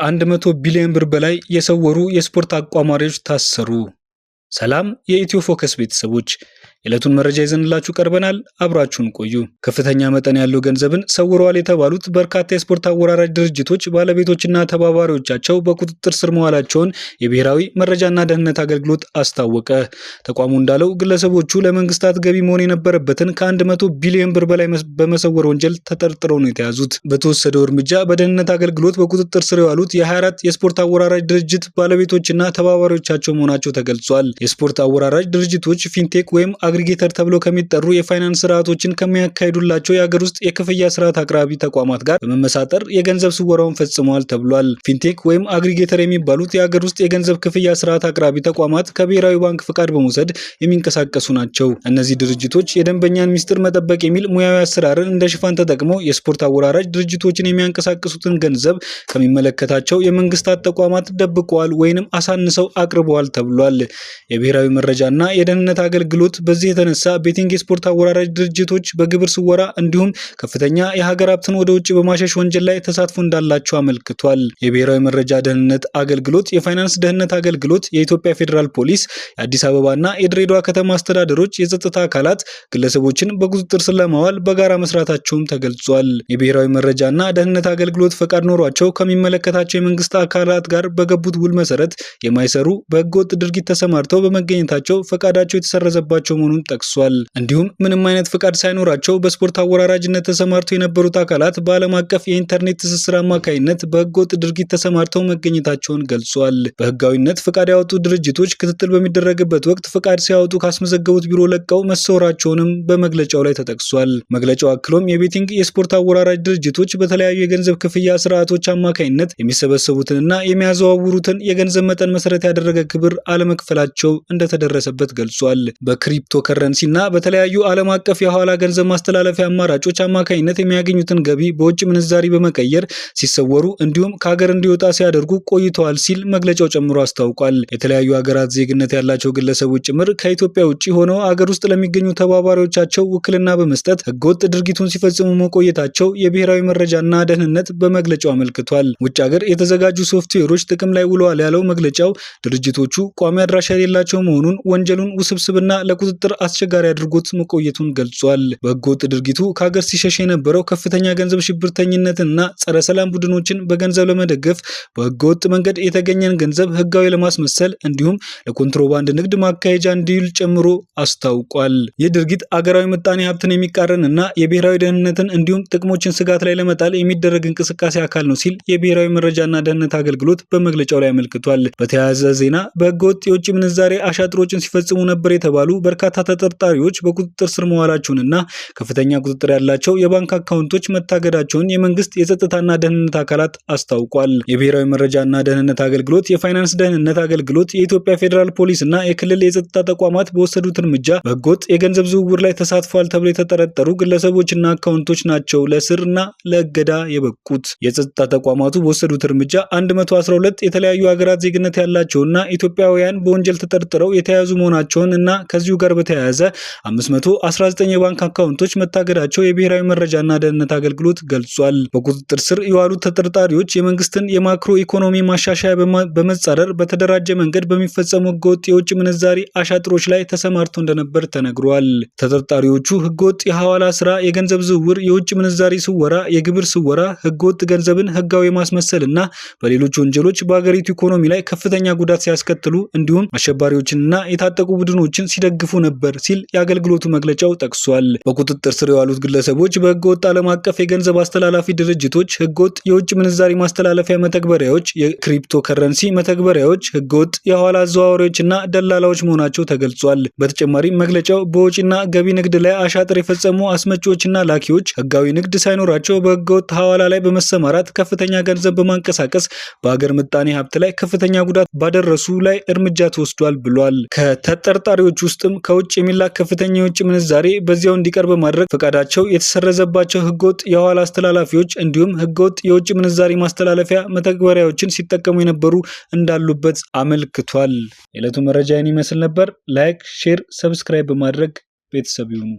ከ100 ቢሊዮን ብር በላይ የሰወሩ የስፖርት አቋማሪዎች ታሰሩ። ሰላም የኢትዮ ፎከስ ቤተሰቦች የዕለቱን መረጃ ይዘንላችሁ ቀርበናል። አብራችሁን ቆዩ። ከፍተኛ መጠን ያለው ገንዘብን ሰውረዋል የተባሉት በርካታ የስፖርት አወራራጅ ድርጅቶች ባለቤቶችና ተባባሪዎቻቸው በቁጥጥር ስር መዋላቸውን የብሔራዊ መረጃና ደህንነት አገልግሎት አስታወቀ። ተቋሙ እንዳለው ግለሰቦቹ ለመንግስታት ገቢ መሆን የነበረበትን ከ100 ቢሊዮን ብር በላይ በመሰወር ወንጀል ተጠርጥረው ነው የተያዙት። በተወሰደው እርምጃ በደህንነት አገልግሎት በቁጥጥር ስር የዋሉት የ24 የስፖርት አወራራጅ ድርጅት ባለቤቶችና ተባባሪዎቻቸው መሆናቸው ተገልጿል። የስፖርት አወራራጅ ድርጅቶች ፊንቴክ ወይም አግሪጌተር ተብሎ ከሚጠሩ የፋይናንስ ስርዓቶችን ከሚያካሂዱላቸው የሀገር ውስጥ የክፍያ ስርዓት አቅራቢ ተቋማት ጋር በመመሳጠር የገንዘብ ስወራውን ፈጽመዋል ተብሏል። ፊንቴክ ወይም አግሪጌተር የሚባሉት የሀገር ውስጥ የገንዘብ ክፍያ ስርዓት አቅራቢ ተቋማት ከብሔራዊ ባንክ ፍቃድ በመውሰድ የሚንቀሳቀሱ ናቸው። እነዚህ ድርጅቶች የደንበኛን ሚስጥር መጠበቅ የሚል ሙያዊ አሰራርን እንደ ሽፋን ተጠቅመው የስፖርት አወራራጅ ድርጅቶችን የሚያንቀሳቅሱትን ገንዘብ ከሚመለከታቸው የመንግስታት ተቋማት ደብቀዋል ወይንም አሳንሰው አቅርበዋል ተብሏል። የብሔራዊ መረጃና የደህንነት አገልግሎት በ በዚህ የተነሳ ቤቲንግ የስፖርት አወራራጅ ድርጅቶች በግብር ስወራ እንዲሁም ከፍተኛ የሀገር ሀብትን ወደ ውጭ በማሸሽ ወንጀል ላይ ተሳትፎ እንዳላቸው አመልክቷል። የብሔራዊ መረጃ ደህንነት አገልግሎት፣ የፋይናንስ ደህንነት አገልግሎት፣ የኢትዮጵያ ፌዴራል ፖሊስ፣ የአዲስ አበባና የድሬዳዋ ከተማ አስተዳደሮች የጸጥታ አካላት ግለሰቦችን በቁጥጥር ስር ለማዋል በጋራ መስራታቸውም ተገልጿል። የብሔራዊ መረጃና ደህንነት አገልግሎት ፈቃድ ኖሯቸው ከሚመለከታቸው የመንግስት አካላት ጋር በገቡት ውል መሰረት የማይሰሩ በህገወጥ ድርጊት ተሰማርተው በመገኘታቸው ፈቃዳቸው የተሰረዘባቸው መሆኑን ጠቅሷል። እንዲሁም ምንም አይነት ፍቃድ ሳይኖራቸው በስፖርት አወራራጅነት ተሰማርተው የነበሩት አካላት በዓለም አቀፍ የኢንተርኔት ትስስር በህገ በህገወጥ ድርጊት ተሰማርተው መገኘታቸውን ገልጿል። በህጋዊነት ፍቃድ ያወጡ ድርጅቶች ክትትል በሚደረግበት ወቅት ፍቃድ ሲያወጡ ካስመዘገቡት ቢሮ ለቀው መሰወራቸውንም በመግለጫው ላይ ተጠቅሷል። መግለጫው አክሎም የቤቲንግ የስፖርት አወራራጅ ድርጅቶች በተለያዩ የገንዘብ ክፍያ ስርዓቶች አማካኝነት የሚሰበሰቡትንና የሚያዘዋውሩትን የገንዘብ መጠን መሰረት ያደረገ ግብር አለመክፈላቸው እንደተደረሰበት ገልጿል። በክሪፕቶ ክሪፕቶ ከረንሲ እና በተለያዩ ዓለም አቀፍ የኋላ ገንዘብ ማስተላለፊያ አማራጮች አማካኝነት የሚያገኙትን ገቢ በውጭ ምንዛሪ በመቀየር ሲሰወሩ እንዲሁም ከሀገር እንዲወጣ ሲያደርጉ ቆይተዋል ሲል መግለጫው ጨምሮ አስታውቋል። የተለያዩ ሀገራት ዜግነት ያላቸው ግለሰቦች ጭምር ከኢትዮጵያ ውጭ ሆነው አገር ውስጥ ለሚገኙ ተባባሪዎቻቸው ውክልና በመስጠት ህገወጥ ድርጊቱን ሲፈጽሙ መቆየታቸው የብሔራዊ መረጃና ደህንነት በመግለጫው አመልክቷል። ውጭ ሀገር የተዘጋጁ ሶፍትዌሮች ጥቅም ላይ ውለዋል ያለው መግለጫው ድርጅቶቹ ቋሚ አድራሻ የሌላቸው መሆኑን ወንጀሉን ውስብስብና ለቁጥጥር ቁጥጥር አስቸጋሪ አድርጎት መቆየቱን ገልጿል። በህገወጥ ድርጊቱ ከሀገር ሲሸሽ የነበረው ከፍተኛ ገንዘብ እና ጸረ ሰላም ቡድኖችን በገንዘብ ለመደገፍ በህገወጥ መንገድ የተገኘን ገንዘብ ህጋዊ ለማስመሰል እንዲሁም ለኮንትሮባንድ ንግድ ማካሄጃ እንዲውል ጨምሮ አስታውቋል። ይህ ድርጊት አገራዊ ምጣኔ ሀብትን የሚቃረን እና የብሔራዊ ደህንነትን እንዲሁም ጥቅሞችን ስጋት ላይ ለመጣል የሚደረግ እንቅስቃሴ አካል ነው ሲል የብሔራዊ መረጃና ደህንነት አገልግሎት በመግለጫው ላይ አመልክቷል። በተያያዘ ዜና በህገወጥ የውጭ ምንዛሬ አሻጥሮችን ሲፈጽሙ ነበር የተባሉ በርካታ በርካታ ተጠርጣሪዎች በቁጥጥር ስር መዋላቸውንና ከፍተኛ ቁጥጥር ያላቸው የባንክ አካውንቶች መታገዳቸውን የመንግስት የጸጥታና ደህንነት አካላት አስታውቋል። የብሔራዊ መረጃና ደህንነት አገልግሎት፣ የፋይናንስ ደህንነት አገልግሎት፣ የኢትዮጵያ ፌዴራል ፖሊስ እና የክልል የጸጥታ ተቋማት በወሰዱት እርምጃ በህገወጥ የገንዘብ ዝውውር ላይ ተሳትፏል ተብሎ የተጠረጠሩ ግለሰቦችና አካውንቶች ናቸው ለእስር እና ለእገዳ የበቁት። የጸጥታ ተቋማቱ በወሰዱት እርምጃ 112 የተለያዩ ሀገራት ዜግነት ያላቸውና ኢትዮጵያውያን በወንጀል ተጠርጥረው የተያዙ መሆናቸውን እና ከዚሁ ጋር የተያያዘ 519 የባንክ አካውንቶች መታገዳቸው የብሔራዊ መረጃና ደህንነት አገልግሎት ገልጿል። በቁጥጥር ስር የዋሉት ተጠርጣሪዎች የመንግስትን የማክሮ ኢኮኖሚ ማሻሻያ በመጻረር በተደራጀ መንገድ በሚፈጸሙ ህገወጥ የውጭ ምንዛሪ አሻጥሮች ላይ ተሰማርቶ እንደነበር ተነግሯል። ተጠርጣሪዎቹ ህገወጥ የሐዋላ ስራ፣ የገንዘብ ዝውውር፣ የውጭ ምንዛሪ ስወራ፣ የግብር ስወራ፣ ህገወጥ ገንዘብን ህጋዊ ማስመሰል እና በሌሎች ወንጀሎች በአገሪቱ ኢኮኖሚ ላይ ከፍተኛ ጉዳት ሲያስከትሉ እንዲሁም አሸባሪዎችንና የታጠቁ ቡድኖችን ሲደግፉ ነበር ነበር ሲል የአገልግሎቱ መግለጫው ጠቅሷል። በቁጥጥር ስር የዋሉት ግለሰቦች በህገወጥ ዓለም አቀፍ የገንዘብ አስተላላፊ ድርጅቶች፣ ህገወጥ የውጭ ምንዛሪ ማስተላለፊያ መተግበሪያዎች፣ የክሪፕቶ ከረንሲ መተግበሪያዎች፣ ህገወጥ የኋላ አዘዋዋሪዎች እና ደላላዎች መሆናቸው ተገልጿል። በተጨማሪም መግለጫው በወጪና ገቢ ንግድ ላይ አሻጥር የፈጸሙ አስመጪዎችና ላኪዎች ህጋዊ ንግድ ሳይኖራቸው በህገወጥ ሐዋላ ላይ በመሰማራት ከፍተኛ ገንዘብ በማንቀሳቀስ በአገር ምጣኔ ሀብት ላይ ከፍተኛ ጉዳት ባደረሱ ላይ እርምጃ ተወስዷል ብሏል። ከተጠርጣሪዎች ውስጥም ከ ከውጭ የሚላክ ከፍተኛ የውጭ ምንዛሬ በዚያው እንዲቀርብ ማድረግ፣ ፈቃዳቸው የተሰረዘባቸው ህገወጥ የሐዋላ አስተላላፊዎች እንዲሁም ህገወጥ የውጭ ምንዛሬ ማስተላለፊያ መተግበሪያዎችን ሲጠቀሙ የነበሩ እንዳሉበት አመልክቷል። የዕለቱ መረጃ ይህን ይመስል ነበር። ላይክ፣ ሼር፣ ሰብስክራይብ በማድረግ ቤተሰብ ይሁኑ።